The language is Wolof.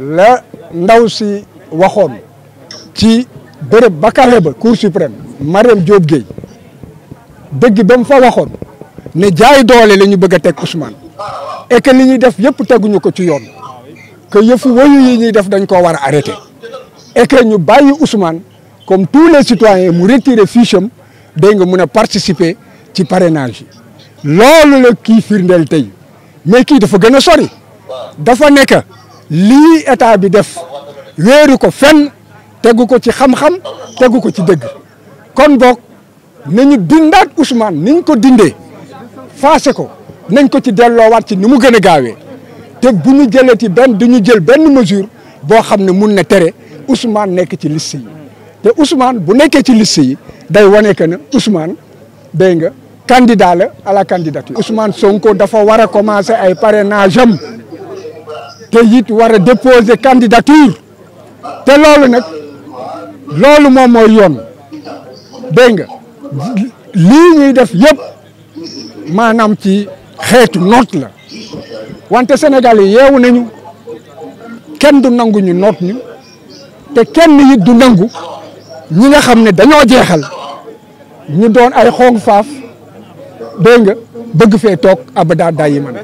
la ndaw si waxoon ci bërëb ba kale ba cour suprême Mariam Diop Gueye dëgg ba mu fa waxoon ne jaay doole la ñu bëgg a teg Ousmane et que li ñuy def yëpp teguñu ko ci yoon que yëfu woyu yi ñuy def dañ koo war a arrêté et que ñu bàyyi Ousmane comme tous les citoyens mu retiré fiche am dégg nga mun a participer ci parrainage yi loolu la kii firndeel tey mais kii dafa gën a sori dafa nekk lii état bi def wéeru ko fenn tegu ko ci xam-xam tegu ko ci dëgg kon boog nañu dindaat Ousmane niñ ko dindee faase ko nañ ko ci delloowaat ci ni mu gën a gaawee te bu ñu jëlee ci benn du ñu jël benn mesure boo xam ne mun na tere Ousmane nekk ci liste yi te Ousmane bu nekkee ci liste yi day wane que ne Ousmane dégg nga candidat la à la candidature Ousmane Sonko dafa war a commencer ay parrainage am te it war a déposer candidature te loolu nag loolu moom mooy yoon dégg nga lii ñuy def yëpp maanaam ci xeetu noot la wante Sénégal yi yeewu nañu kenn du nangu ñu noot ñu te kenn it du nangu ñi nga xam ne dañoo jeexal ñu doon ay xong faaf dégg nga bëgg fee toog abada dayi man